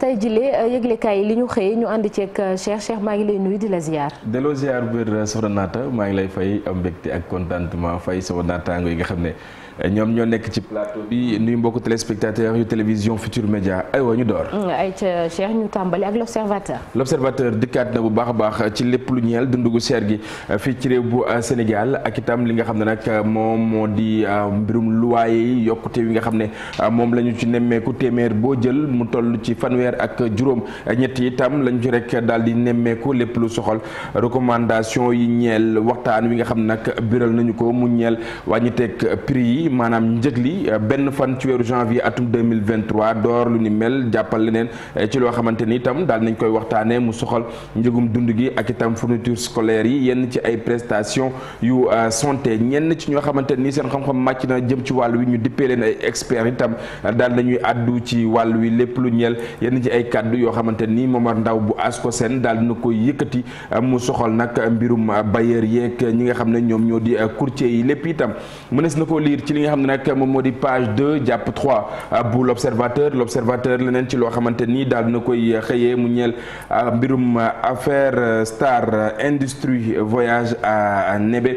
tey jilee euh, yëglekaay yi li ñu xëyee ñu ànd ceeg euh, Cheikh Cheikh maa ngi lay nuyu di la ziar. delloo ziar bu wér euh, soxna maa ngi lay fay am mbégte ak contentement fay sama naataango yi nga xam ne. ñoom ñoo nekk ci plateau bi nuyu mbokku téléspectateurs yu télévision Futur Média aywa ñu door. Mm, ayca Cheikh ñu tàmbali ak l'observateur. l'observateur dikkaat na bu baax a baax ci lépp lu ñeel dundu gu cher gi euh, fii ci réew bu euh, Sénégal ak itam li nga xam ne nag euh, moom moo di mbirum luwaay yi yokkute yi nga xam ne moom la ñu ci nemmeeku téeméer boo jël mu toll ci fanweer ak juróom ñett itam lañ ci rek daal di nemmeeku lépp lu soxol recommandation yi ñeel waxtaan wi nga xam nag biral nañu ko mu ñeel wàññiteeg yi. bi maanaam njëg li euh, benn fan ci weeru janvier atum 2023 door lu ni mel jàppal leneen euh, ci loo xamante ni itam daal nañ koy waxtaanee mu soxal njëgum dund gi ak itam fourniture scolaire yi yenn ci ay prestation yu euh, santé ñenn ci ñoo xamante nii seen xam-xam màcc na jëm ci wàll wi ñu dippee leen ay experts itam daal nañuy àddu ci wàll wi lépp lu ñel yenn ci ay kàddu yoo xamante ni Momar Ndaw bu seen daal dina koy yëkkati mu soxal nag mbirum bailleur yeeg ñi nga xam ne ñoom ñoo di courtier yi lépp itam ci li nga xam ne nag moom moo di page 2 jàpp 3 ah, bu l'observateur l'observateur leneen ci loo xamante nii daal na koy xëyee mu ñeel ah, mbirum ah, affaire euh, star euh, industrie euh, voyage à nebe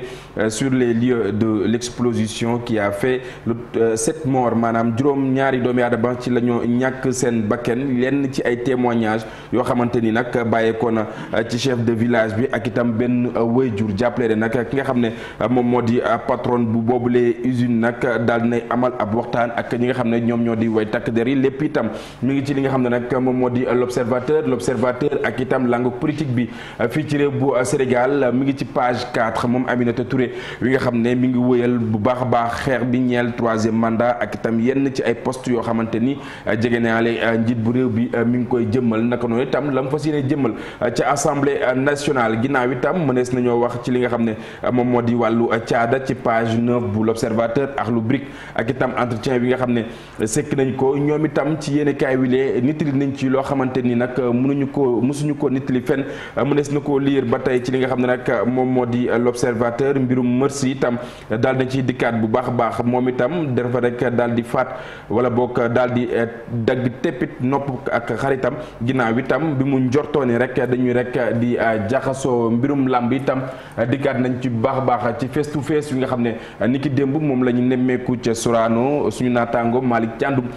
sur les lieux de l'explosion qui a fait lu sept morts maanaam juróom ñaari doomi aadama ci la ñàkk seen bakken lenn ci ay témoignages yoo xamante ni nag bàyyeekoo na ci chef de village bi ak itam benn wëyjur jàppale nag ki nga xam ne moom moo di patron bu boobulee usine nag daal dinay amal ab waxtaan ak ñi nga xam ne ñoom ñoo di way takk der yi lépp itam mi ngi ci li nga xam ne nag moom moo di l'observateur l'observateur ak itam langue politique bi fii ci bu Sénégal mi ngi ci page 4 moom Aminata Touré wi nga xam ne mi ngi wëyal bu baax a baax xeex bi ñeel troisième mandat ak itam yenn ci ay poste yoo xamante ni jege naale euh, njiit bu réew bi euh, mi ngi koy jëmmal naka noonu itam la mu fas yéene jëmmal euh, ca assemblée nationale ginnaaw itam mënees nañoo wax ci li nga xam ne moom moo di wàllu caada ci page 9 bu ak lu brique ak itam entretien bi nga xam ne sekk nañ ko ñoom itam ci yéen kaay nit nittali nañ ci loo xamante ni nag mënuñu ko mësuñu ko nit li nittali fenn mënees na ko liir ba tey ci li nga xam ne nag moom moo di l'observateur mbirum merci itam daal na ciy dikkaat bu baax a baax moom itam dafa rek daal di faat wala boog daal di eh, dagg teppit nopp ak xaritam ginnaaw itam bi mu njortoo ni rek dañuy rek di eh, jaxasoo mbirum làmb itam dikkaat nañ ci bu baax a baax ci face to face yi nga xam ne eh, ni démb moom lañu nemmeeku ca Sorano suñu naataango Malick Thiandoum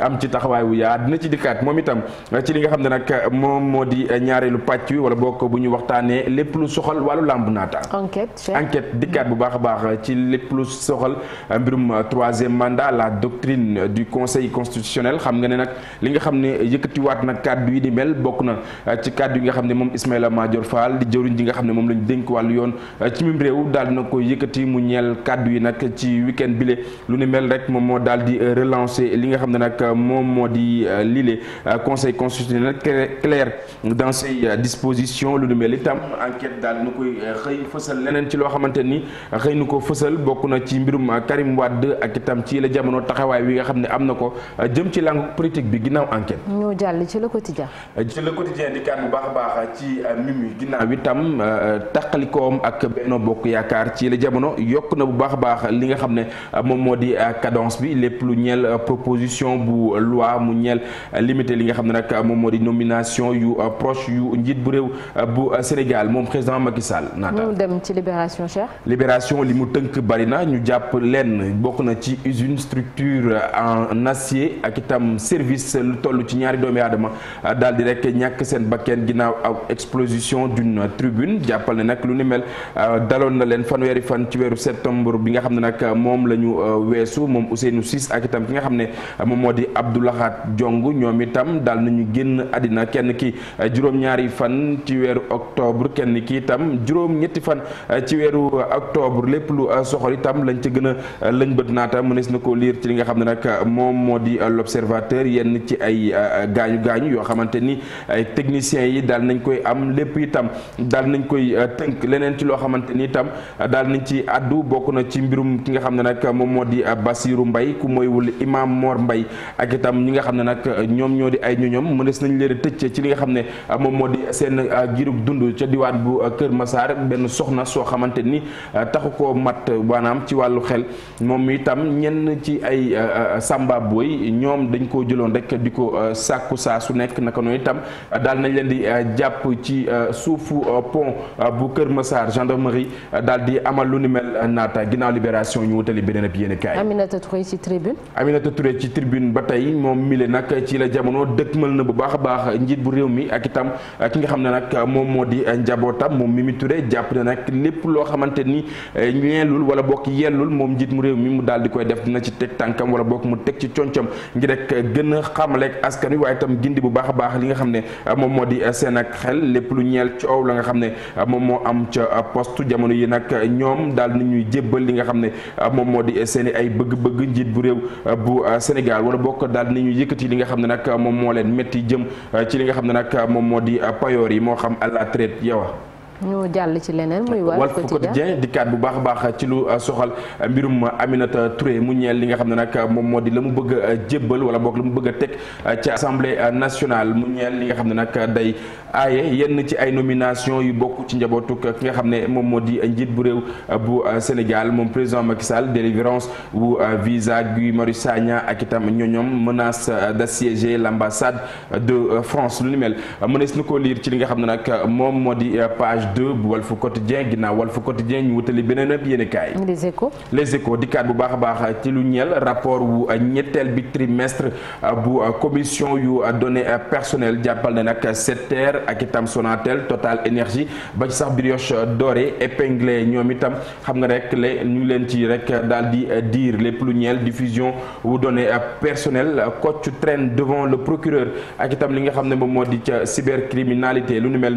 am ci taxawaay wu yaa dina ci dikkaat moom itam ci li nga xam ne nag moom moo di ñaareelu pàcc wi wala bokk bu ñu waxtaanee lépp lu soxal wàllu làmb naata enquête enquête dikkaat bu baax a baax ci lépp lu soxal mbirum troisième mandat la doctrine du conseil constitutionnel xam nga ne nag li nga xam ne yëkkati yëkkatiwaat na kadd yi di mel bokk na ci kàddu yi nga xam ne moom Ismaïla Madior Fall di jëwriñ ji nga xam ne moom lañ dénk wàllu yoon ci mim réew daal dina ko yëkkati mu ñeel kàddu yi nag ci week-end bile li nga xam ne nag moom moo di euh, lile euh, conseil constitutionnel clair dans ses euh, lu nu mel itam enquête daal nu koy xëy fësal leneen ci loo xamante ni xëy nu ko fësal bokk na ci mbirum Karim Wade ak itam ci la jamono taxawaay wi nga xam ne am na ko jëm ci langue politique bi ginnaaw enquête. ñu jàll ci le quotidien. ci le quotidien di bu baax a baax ci mimi ginnaaw itam taqalikoom ak Benno Bokk Yaakaar ci la jamono yokk na bu baax a baax li nga xam ne moom moo di cadence bi lépp lu bu loi mu ñeel limité li nga xam ne nag moom moo di nomination yu proche yu njiit bu réew bu Sénégal moom président Macky Sall. naata mu dem ci libération Cheikh. libération li mu tënk bari na ñu jàpp lenn bokk na ci usine structure en acier ak itam service lu toll ci ñaari doomi aadama daal di rek ñàkk seen bakkeen ginnaaw aw explosion d'une tribune jàppal ne lu ni mel na leen fanweeri fan ci weeru septembre bi xam ne nag moom la ñu euh, weesu moom Ousseynou Ciss ak itam ki nga xam ne moom moo di di Abdoulahat Jong ñoom itam daal nañu génn àddina kenn ki eh, juróom-ñaari fan ci weeru octobre kenn ki itam juróom-ñetti fan eh, ci weeru octobre lépp lu eh, soxal itam lañ ci gën a lañ bët naata mënees na ko liir ci li nga xam ne nag moom moo di l'observateur yenn ci ay gaañu gaañu yoo xamante ni ay techniciens yi daal nañ koy am lépp itam daal nañ koy tënk leneen ci loo xamante ni itam daal nañ ci àddu bokk na ci mbirum ki nga xam ne nag moom moo di Bassirou Mbaye ku mooy wul Imam Mor Mbaye ak itam ñi nga xam ne nag euh, ñoom ñoo di ay ñu ñoom mënees nañ leen a tëj ci li nga xam ne euh, moom moo di seen euh, giirug dund ca diwaan bu Kër Masaar benn soxna soo xamante ni taxu ko mat maanaam ci wàllu xel moom itam ñenn ci ay samba booy ñoom dañ koo jëloon rek di ko sàkku saa su nekk naka noonu itam daal nañ leen di jàpp ci suufu pont bu Kër Masaar gendarmerie daal di amal lu ni mel naata ginnaaw libération ñu wutali beneen ab yéene kaay tey moom mile nag ci la jamono mël na bu baax a baax njiit bu réew mi ak itam ki nga xam ne nag moom moo di njabootam moom Mimi Touré jàpp ne nag lépp loo xamante ni eh, ñeelul wala bokk yellul moom njiit mu réew mi mu daal di koy def dina ci teg tànkam wala bokk mu teg ci concam ngir gën a xamaleeg askan wi waaye itam gindi bu baax a baax li nga xam ne eh, moom moo di eh, seen ak xel lépp lu ñeel coow la nga xam ne moom moo am ca poste jamono yi nag ñoom daal ni ñuy jébbal li nga xam ne moom moo di seeni ay bëgg-bëgg njiit bu réew bu Sénégal wala bokk bokk daal dinañu yëkkati li nga xam ne nag moom moo leen métti jëm ci li nga xam ne nag moom moo di payoor yi moo xam à la traite yow ñu jàll ci leneen muy Walf Quotidien bu baax a baax ci lu uh, soxal uh, mbirum uh, Aminata Touré mu ñeel li nga xam ne nag moom moo di la mu bëgg a wala boog la mu bëgg a teg ci assemblée nationale mu li nga xam ne nag day aaye yenn ci ay nomination yu bokk ci njabootuk ki nga xam ne moom moo di njiit bu réew bu Sénégal moom président Macky Sall délivrance wu visa Guy Marius Sagna ak itam ñoñoom menace d'assiéger l'ambassade de France lu ni mel mënees na ko lire ci li nga xam ne nag moom moo di page page 2 bu Walf Quotidien ginnaaw Walf Quotidien ñu wutali beneen ab yéenekaay les échos les bu baax baax ci lu ñeel rapport wu ñetteel bi trimestre euh, bu euh, commission yu euh, données personnelles jàppal na nag SETER ak itam Sonatel Total Énergie ba ci sax Brioche Dorée épinglé ñoom itam xam nga rek le ñu leen ci rek daal di diir lépp lu ñeel diffusion wu données personnelles Kocc traîne devant le procureur ak itam li nga xam ne moom moo di ca cybercriminalité lu nu mel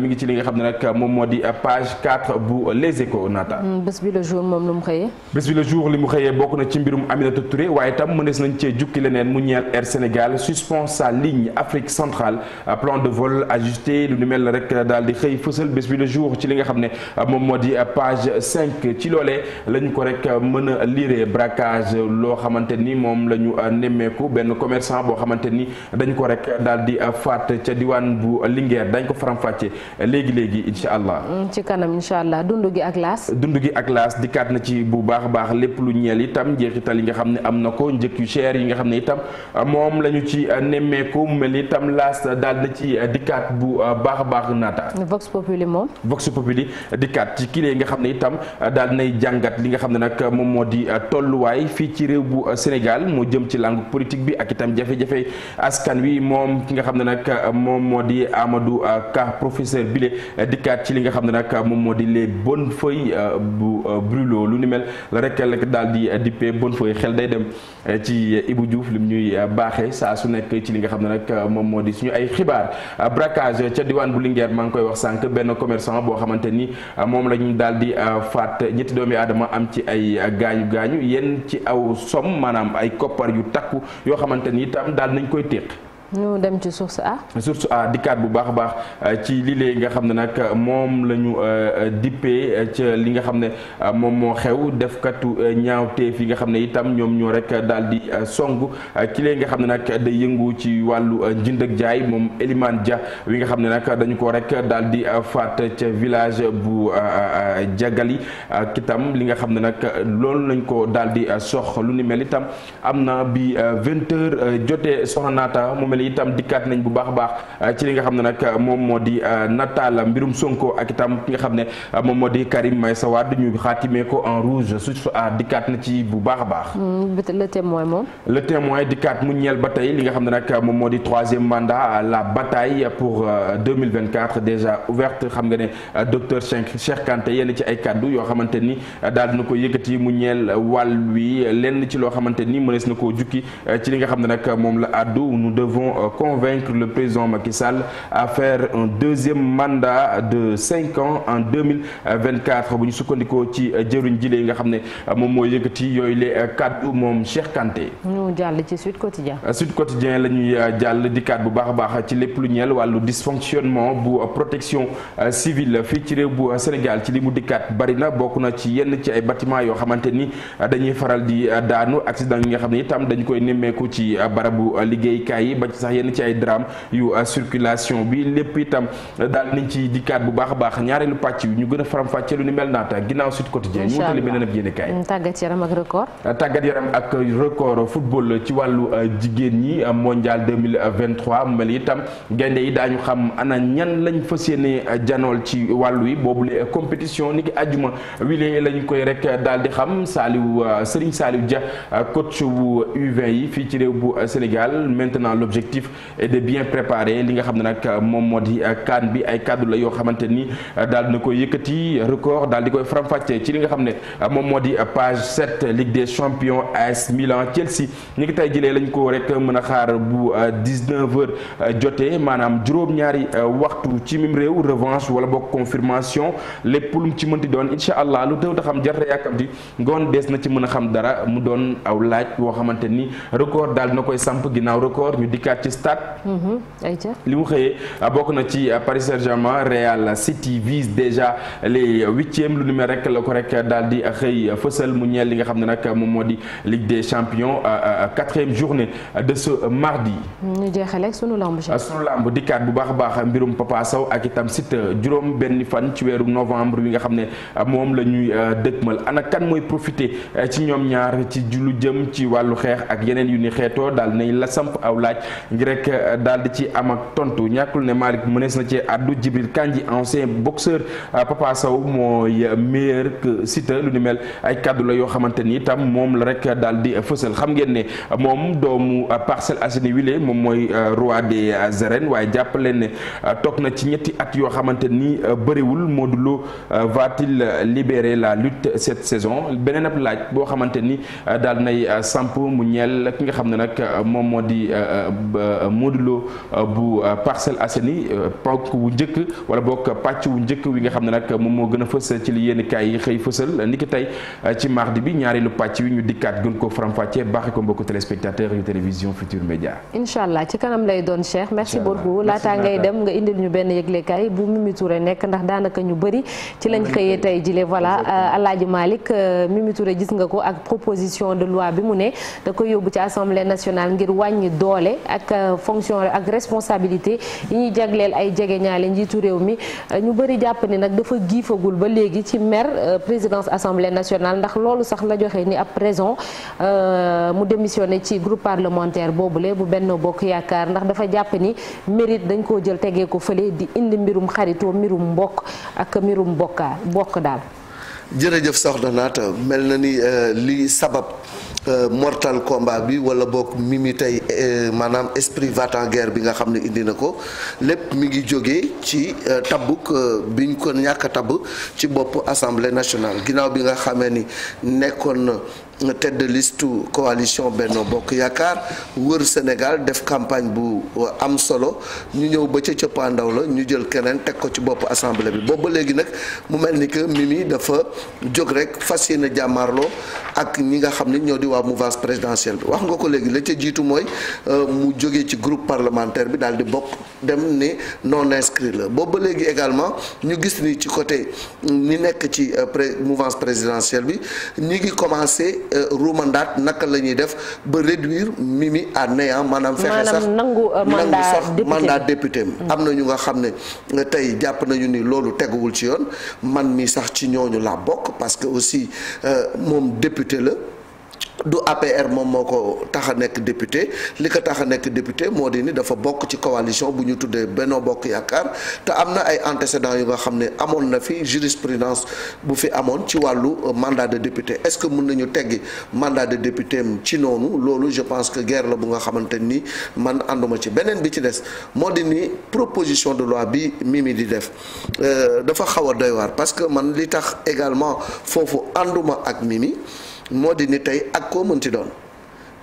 ci euh, page 4 bu Les Échos naata. Mm, bés bi le jour moom lu mu xëyee. bés bi le jour li mu xëyee bokk na ci mbirum Aminata Touré waaye itam mënees nañ cee jukki leneen mu ñeel Air Sénégal suspend sa ligne Afrique centrale euh, plan de vol ajusté lu ni mel rek daal di xëy fësal bés bi le jour ci li nga xam ne euh, moom moo di page 5 ci loolee lañ ko rek mën a lire braquage loo xamante ni moom la ñu nemmeeku benn commerçant boo xamante ni dañ ko rek daal di faat ca diwaan bu Linguère dañ ko faram-fàccee léegi léegi incha allah. ci kanam incha allah dund gi ak laas. dund gi ak laas dikkaat na ci bu baax a baax lépp lu ñeel itam njeexital yi nga xam ne am na ko njëkk yu cher yi nga xam ne itam uh, moom la ñu ci uh, nemmeeku mu mel ni itam uh, na ci dikkaat bu baax a baax naata. Vox Populi moom. Vox Populi dikkaat ci kii nga xam ne itam daal nay jàngat li nga xam ne nag moom moo di tolluwaay fii ci réew bu Sénégal moo jëm ci langue politique bi ak itam jafe-jafe askan wi moom ki nga xam ne nag moom moo di Amadou Ka professeur bile dikkaat ci li nga xam ne nag moom moo di les bonnes feuilles euh, bu euh, brûlot lu ni mel la rek la daal di euh, dippee bonnes feuilles xel day dem ci Ibou Diouf lim ñuy baaxee saa su nekk ci li nga xam ne nag moom moo di suñu ay xibaar braquage ca diwaan bu Linguère maa ngi koy wax sànq benn commerçant boo xamante ni moom la ñu daal di faat ñetti doomi aadama am ci ay gaañu gaañu yenn ci aw som maanaam ay koppar yu takku yoo xamante ni itam daal nañ koy téq ñu dem ci source A. source A dikkaat bu baax a baax euh, ci lii léegi nga xam ne nag euh, moom la ñu euh, dippee ca li nga xam ne moom moo xew defkatu ñaaw ñaawteef yi nga xam ne itam ñoom ñoo rek daal di song ki léegi nga xam ne nag day yëngu ci wàllu njënd jaay moom Elimane ja wi nga xam ne nag dañu ko rek daal di faat ca village bu Diagali ak itam li nga xam ne nag loolu lañ ko daal di sox lu ni mel itam am na bi 20 jotee soxna naata fàttali itam dikkaat nañ bu baax a baax euh, ci li nga xam ne nag euh, moom moo di euh, nataal mbirum Sonko ak itam ki nga xam ne moom moo di Karim a ah, dikkaat a baax. Mm, le témoin mu ñeel ba li nga xam ne nag moom moo di troisième mandat la bataille pour 2024 déjà ouverte xam nga ne docteur Cheikh Kanté yenn ci ay kaddu yoo xamante ni daal dina ko yëkkati mu ñeel wàll wi lenn ci loo xamante ni mënees na koo jukki ci li nga xam ne nag moom la àddu nous devons vont euh, convaincre le président Macky Sall un deuxième mandat de cinq ans en bu ñu sukkandikoo ci euh, jëruñ jile yi nga xam ne euh, moom moo yëkkati yooyu les kàddu moom Cheikh Kanté. ñu jàll ci Sud Quotidien. Sud Quotidien la ñuy jàll di kaat bu baax a baax ci lépp lu ñeel wàllu dysfonctionnement bu protection civile fii ci réew bu Sénégal ci li mu dikkaat bari na bokk na ci yenn ci ay bâtiment yoo xamante ni dañuy faral di daanu accident yi nga xam ne itam dañu koy nemmeeku ci barabu liggéeykaay yi sax yenn ci ay drame yu euh, circulation bi lépp itam daal nañ ci dikkaat bu baax a baax ñaareelu pàcc yu ñu gën a faram-fàccee lu ni mel naata ginnaaw Sud Quotidien ñu wutale beneen ab yéenekaay mm, tàggat yaram ak record euh, tàggat yaram ak record football ci wàllu euh, jigéen ñi mondial 2023 mu mel itam gaynde yi daañu xam ana ñan lañ fas yéene janool ci wàllu yi boobule compétition ni ki àjjuma wile lañ koy rek daal di xam Saliou Serigne Saliou Dia coach bu u yi fii ci réew bu Sénégal maintenant l'objectif objectif et de bien préparer li nga xam ne nag euh, moom moo di euh, euh, na koy yëkkati record daal di koy faram-fàccee ci li nga xam ne moom moo di page 7 Ligue des champions AS Milan Chelsea ñi ngi tey jëlee lañ ko rek mën a xaar bu 19 jotee maanaam juróom-ñaari waxtu ci mim réew revanche wala boog confirmation lépp lu mu ci mënti doon incha allah lu teew xam jarta yàkkamti ngoon dees na ci mën a xam dara mu doon aw laaj woo xamante ni record daal na koy samp ginnaaw record ñu dikkaat ak ci stade. Mhm. li mu xëyee ah, bokk na ci ah, Paris Saint-Germain Real City vise déjà les huitièmes lu ni rek la ko rek daal di xëy fësal mu ñeel li nga xam ne nag moom moo di de des champions ah, quatrième journée de ce mardi. ñu jeexale ak sunu lamb sunu lamb dikkaat bu baax a baax mbirum Papa ak itam Siteu juróom benn fan ci weeru novembre bi nga xam ne moom la ñuy dëkkmal ana kan mooy profité ci ñoom ñaar ci lu jëm ci wàllu xeex ak yeneen yu ni xeetoo daal nañ la samp aw laaj. ngir rek eh, daal di ci am ak tontu ñàkkul ne Malick mënees na ci addu Jibril Kandji ancien boxeur ah, Papa Sow mooy eh, meilleur que Siteu lu ni mel ay kaddu la yoo xamante ni itam moom la rek daal di eh, fësal xam ngeen ne moom doomu Parcelles Assainies wile moom mooy roi des arènes waaye jàpp ne toog na ci ñetti at yoo xamante ni bëriwul moo du va-t-il libérer la lutte cette saison beneen ab laaj boo xamante ni daal nay samp mu ñeel ki nga xam ne nag moom moo di. Euh, Modou Lo euh, bu euh, Parcelles Assainies ponk wu njëkk wala boog pàcc wu njëkk wi nga xam ne nag moom moo gën a fësal ci li yéen kaay yi xëy fësal ki tey ci mardi bi ñaareelu pàcc wi ñu dikkaat gën ko faram-fàccee baaxe ko mbokku téléspectateurs yu télévision Futur Média. incha allah ci kanam lay doon Cheikh. merci beaucoup laataa ngay dem nga indil ñu benn yëglekaay bu Mimi Touré nekk ndax daanaka ñu bari ci lañ xëyee tey jile voilà Alaaji Malick Mimi ture gis nga ko ak proposition de loi bi mu ne da koy yóbbu ci assemblée ngir wàññi doole ak euh, fonction ak responsabilité yi ñuy jagleel ay jege ñaale njiitu réew mi ñu bëri jàpp ni nag dafa giifagul ba léegi ci maire euh, présidence assemblée nationale ndax loolu sax la joxe ni ab raison euh, mu démissionné ci groupe parlementaire boobule bu benn bokk yaakaar ndax dafa jàpp ni mérite dañ koo jël tegee ko fële di indi mbirum xaritoo mbirum mbokk ak mbirum mbokka mbokk daal jërëjëf soxna naata mel na ni li sabab Euh, mortal combat bi wala mi mi tey euh, maanaam esprit va bi nga xam ne indi na ko lépp mi ngi jóge ci euh, tabuk biñ ko ñàkk a ci bopp assemblée nationale ginnaaw bi nga xamee ni nekkoon na. tête de liste coalition Benno Bokk Yaakaar wër Sénégal def campagne bu euh, am solo ñu ñëw ba ca cëppaandaw la ñu jël keneen teg ko ci bopp assemblée bi boobu ba léegi nag mu mel ni que Mimi dafa jóg rek fas yéene jàmmaarloo ak ñi nga xam ni ñoo di waa mouvance présidentielle bi wax nga ko léegi la ca jiitu mooy euh, mu jóge ci groupe parlementaire bi daal di bokk dem ni non inscrit la boobu ba léegi également ñu gis ni ci côté euh, ñu nekk ci mouvance présidentielle bi ngi commencé. Euh, ruumandaat naka la ñuy def ba réduire mi à néant maanaam fexe sax nangu euh, sax mandat mm. am na ñu nga xam ne euh, tey jàpp nañu ni loolu teguwul ci yoon man mi sax ci ñooñu laa bokk parce que aussi moom député la du APR moom moo ko tax a nekk député li ko tax a nekk député moo di ni dafa bokk ci coalition bu ñu tuddee benn Bokk Yaakaar te am na ay antécédents yu nga xam ne amoon na fi jurisprudence bu fi amoon ci wàllu euh, mandat de député est-ce que mun nañu teggi mandat de député ci noonu loolu je pense que guerre la bu nga xamante ni man ànduma ci beneen bi ci des moo di ni proposition de loi bi Mimi di def euh, dafa xaw a doy waar parce que man li tax également foofu ànduma ak Mimi moo di ni tey ak koo mënti doon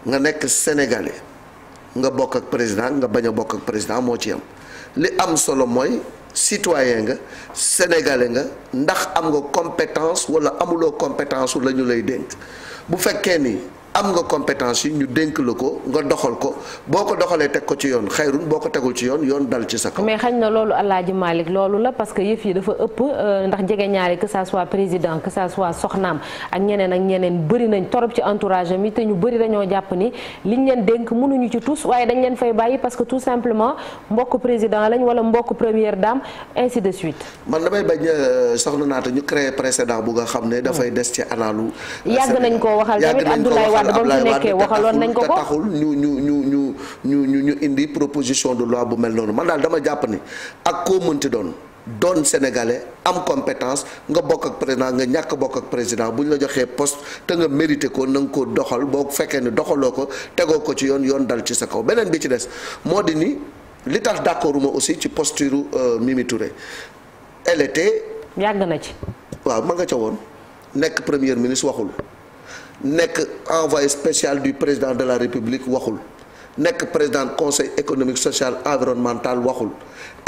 nga nekk sénégalais nga bokk ak président nga bañ a bokk ak président moo ci am li am solo mooy citoyen nga sénégalais nga ndax am nga compétence wala amuloo compétence la ñu lay dénk bu fekkee nii am nga compétence yi ñu dénk la ko nga doxal ko boo ko doxalee teg ko ci yoon xayrun boo ko tegul ci yoon yoon dal ci sa kaw. mais xañ na loolu Alaaji Malick loolu la parce que yëf yi dafa ëpp euh, ndax jege ñaari que ça soit président que ça soit soxnaam ak ñeneen ak ñeneen bëri nañ torop ci entourage am yi te ñu bëri dañoo jàpp ni li liñ leen dénk mënuñu ci tous waaye dañ leen fay bàyyi parce que tout simplement mbokk président lañ wala mbokk première dame ainsi de suite. man damay bañ euh, soxna naata ñu créer précédent bu nga xam ne. dafay hmm. des ci analu. Euh, Wade ba mu nekkee waxaloon nañ ko ko ñu ñu ñu ñu ñu ñu ñu indi proposition de loi bu mel noonu man daal dama jàpp ni ak koo mënti doon doon sénégalais am compétence nga bokk ak président nga ñàkk bokk ak président bu ñu la joxee poste te nga mérité ko na ko doxal boo fekkee ne doxaloo ko tegoo ko ci yoon yoon dal ci sa kaw beneen bi ci des moo di ni li tax d'accorduma aussi ci posture euh, Mimi Touré elle était yàgg na ci waaw ma nga ca woon nekk premier ministre waxul nekk envoyé spécial du président de la république waxul nekk président conseil économique social environnemental waxul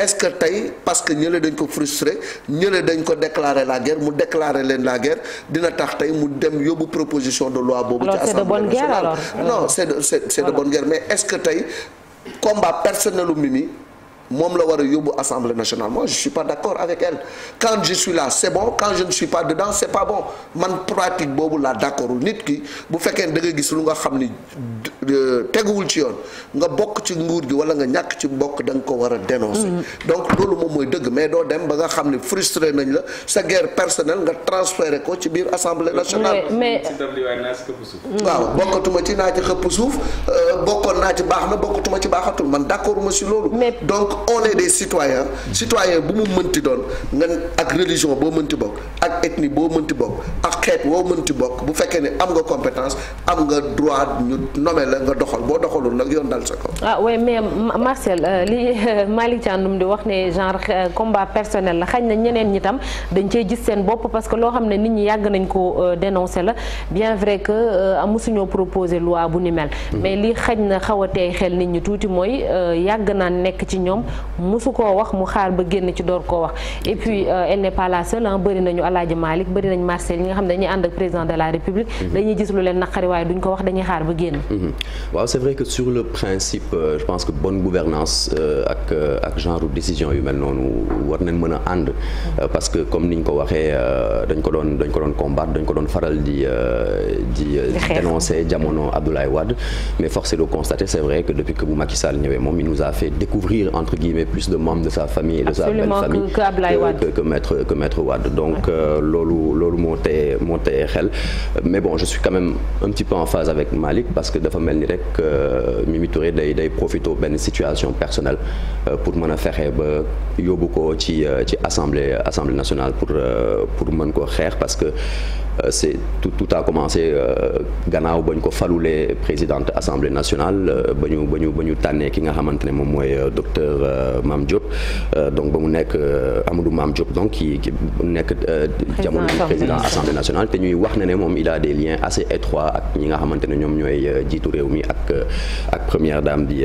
est-ce que tey parce que ñële dañ ko frustré ñële dañ ko déclarer la guerre mu déclarer leen la guerre dina tax tey mu dem yóbbu proposition de loi boobu. ci assemblée nationale euh. non c'est de c'est guerre mais est-ce que tey combat personnel u Mimi moom la war a yóbbu assemblée nationale moi je suis pas d'accord avec elle quand je suis là c'est bon quand je ne suis pas dedans c'est pas bon man pratique boobu laa d'accordul nit ki bu fekkee ne da gis lu nga xam ni euh, teguwul ci yoon nga bokk ci nguur gi wala nga ñàkk ci bokk da nga ko war a dénoncer mm-hmm. donc loolu moom mooy dëgg mais doo dem ba nga xam ni frustré nañ la sa guerre personnelle nga transféré ko ci biir assemblée nationale mm. waaw bokkatuma ci naa ci xëpp suuf euh, bokkoon naa ci baax na bokkatuma ci baaxatul man d'accord ma si loolu donc on est des citoyen bu mu mënti doon nga ak religion boo mënti bokk ak ethnie boo mënti bokk ak xeet boo mënti bokk bu fekkee ne am nga compétence am nga droit ñu nommer la nga doxal boo doxalul nag yoon dal sa kaw. ah oui mais Marcel euh, li euh, Malick Thiandoum di wax ne genre euh, combat personnel la xañ na ñeneen ñi tam dañ cee jis seen bopp parce que loo xam ne nit ñi yàgg nañ ko dénoncer la bien vrai que mosuñoo proposer loi bu ni mel. Mm-hmm. mais lii xañ na xaw a tey xel nit ñi tuuti mooy yàgg naa nekk ci ñoom. mosu koo wax mu xaar ba génn ci door koo wax et puis euh, elle n'est pas la seule ah bëri nañu Alaaji Malick bëri nañ xam ne dañuy ànd ak président de la République mhm. dañuy gis lu leen naqari waaye duñ ko mhm. euh, euh, yu mel noonu war nañ mën a ànd mhm. parce que comme niñ ko waxee dañ ko doon dañ ko doon combattre dañ ko doon faral di di dénoncer jamono Abdoulaye Wade mais force est de constater c'est vrai que depuis que bu Macky ñëwee moom il nous a fait découvrir guillemets plus de membres de sa famille et de Absolument sa belle famille que, que, que, que maître que donc euh, loolu loolu moo tee moo tee xel mais bon je suis quand même un petit peu en phase avec Malick parce que dafa mel ni rek euh, Mimi Touré day day profité benn situation personnelle euh, pour mën a fexe ba yóbbu ko ci ci assemblée assemblée nationale pour pour mën ko xeex parce que Euh, c'est tout a commencé euh, gannaaw ba ñu ko falulee présidente assemblée nationale euh, ba ñu ba ñu ba ñu tànnee ki nga xamante ne moom mooy docteur Mame Diop donc ba mu nekk Amadou Mame Diop donc ki ki nekk jamono président assemblée nationale te ñuy wax na ne moom il a des liens assez étroits ak ñi nga xamante ne ñoom ñooy jiitu réew mi ak ak première dame di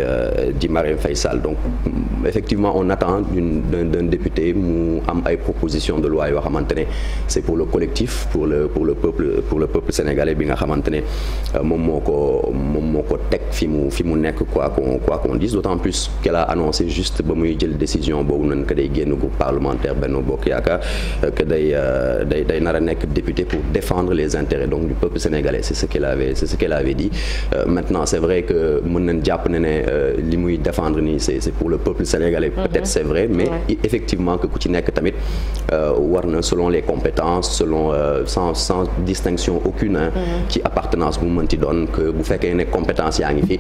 di Marième Faye Sall donc mm, effectivement on attend d'un député mu am ay proposition de loi yoo xamante ne c'est pour le collectif pour le peuple pour le peuple sénégalais bi nga xamante ne euh, moom moo ko moom moo ko teg fi mu fi mu nekk quoi qu'on quoi qu'on dise d'autant plus qu'elle a annoncé juste ba muy jël décision boobu nañ que day génn groupe parlementaire benn Bokk Yaakaar euh, que day euh, day day nar a nekk député pour défendre les intérêts donc du peuple sénégalais c'est ce qu'elle avait c'est dit maintenant c'est vrai que mën nañ jàpp ne ne li muy défendre ni c'est c'est pour le peuple sénégalais mm-hmm. peut-être c'est vrai mais effectivement que ku ci nekk tamit war na selon les compétences selon sans sans distinction aucune mm-hmm. ci appartenance bu mënti doon que bu fekkee ne compétence yaa ngi fi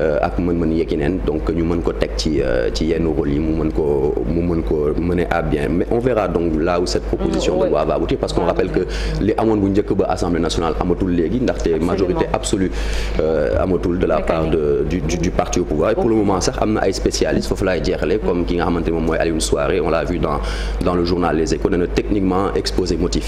euh, ak mën-mën yeeg donc ñu mën ko teg ci euh, ci yenn rôle yi mu mën ko mu mën ko mener à bien mais on verra donc là où cette proposition mm-hmm. de loi va aboutir parce qu'on ah, rappelle que li amoon assemblée nationale amatul léegi ndaxte majorité absolue euh, amatul de la part de du du parti au pouvoir et pour le moment sax am ay spécialistes foofu laay mm-hmm. l'a vu dans dans le journal Les Échos nee na techniquement exposé motif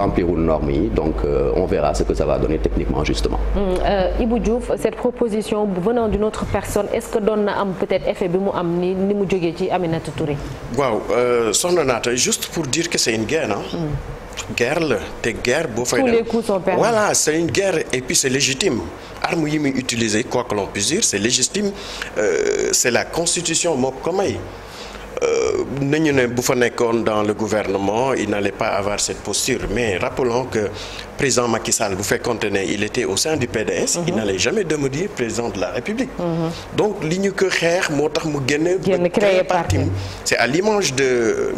remplir respectewul normes yi donc euh, on verra ce que ça va donner techniquement justement. Mm, euh, Ibou Diouf cette proposition venant d'une autre personne est-ce que doon na am peut-être effet bi mu am ni ni mu jógee ci Aminata Touré. waaw euh, juste pour dire que c'est une guerre mm. guerre la te guerre bo fay. tous les coups sont permis. voilà c'est une guerre et puis c'est légitime arme yi utiliser quoi l'on puisse dire c'est légitime euh, c'est la constitution moo ko may. Euh, nañu ne bu fa nekkoon dans le gouvernement il n'allait pas avoir cette posture mais rappelons que président Macky Sall bu fekkoonte ne il était au sein du PDS mm -hmm. il mhm. n'allait jamais devenir président de la République mm -hmm. donc li ñu ko xeex moo tax mu génn créer parti c'est à l'image de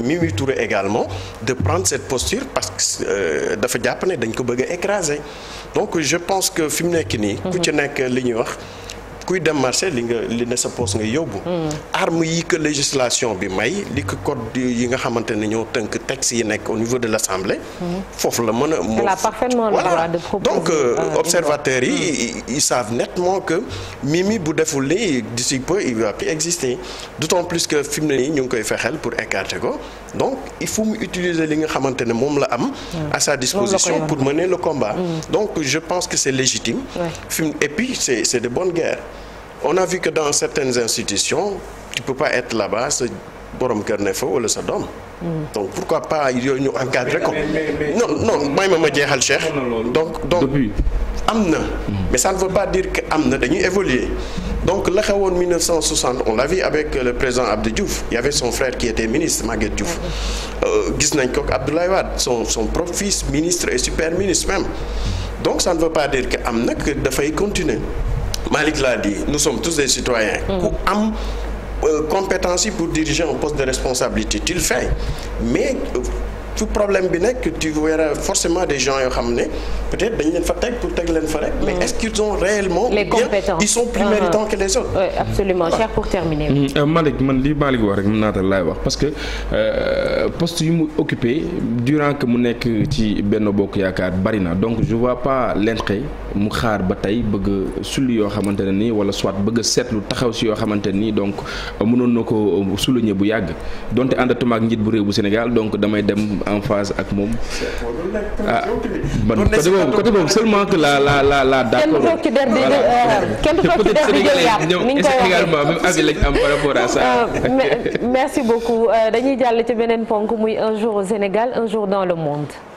Mimi Touré également de prendre cette posture parce que euh, dafa jàpp ne dañ ko bëgg a donc je pense que fi mu nekk nii ku mhm. ci nekk li ñuy wax kuy dem marché li nga li ne sa poos nga yóbbu hmm. arme yi que législation bi may li ko code yi nga xamante ne tënk texte yi nekk au niveau de l'Assemblée hmm. foofu la mën a voilà donc euh, observateurs yi hmm. ils savent nettement que Mimi bu deful ni d'ici peu il va plus exister d'autant plus que fi mu nii ñu ngi koy fexeel pour écarter ko donc il faut mu utiliser li nga xamante ne moom la am. à sa disposition pour mener le combat. Mm. donc je pense que c'est légitime. fi et puis c'est c'est de bonne guerre. on a vu que dans certaines institutions tu peux pas être là-bas sa borom kër ne fa wala sa doom. Mm. donc pourquoi pas yooyu ñu encadrer ko. non non may ma ma jeexal Cheikh. donc donc depuis. am na. mais ça ne veut pas dire que am na dañuy évoluer donc la xewoon 1960 on l'a vu avec le président Abdou Diouf il y avait son frère qui était ministre Maguette Diouf euh, gis nañ ko ak Abdoulaye Wade son son propre fils ministre et super ministre même donc ça ne veut pas dire que am na que dafay continuer Malick l'a dit nous sommes tous des citoyens. ku mhm. am. Euh, compétence yi pour diriger un poste de responsabilité tu le mais euh, fu problème bi nekk tu verras forcément des gens yoo xam ne peut-être dañ leen fa teg pour teg leen fa rek. mais mm. est-ce qu'ils ont réellement. les compétences ils sont plus ah, ah. méritants que les autres. oui mm, euh, man li Malick wax rek mën naa laay wax parce que euh, poste yu mu occupé durant que mu nekk ci benn bokk yaakaar bari na donc je vois pas l'intérêt mu xaar ba tey bëgg a sulli yoo xamante ne nii wala soit bëgg seetlu taxaw si yoo xamante ne nii donc mënoon na ko souligner bu yàgg donte àndatuma ak njiit bu Sénégal donc damay en phase ak moom. ah man ah, côté boobu côté boobu seulement que la la la la d' accord. voilà euh, peut être sénégalais ñoom également même avis lañ am par rapport à ça. Euh, merci beaucoup euh, dañuy jàll ci beneen ponk muy un jour au Sénégal un jour dans le monde.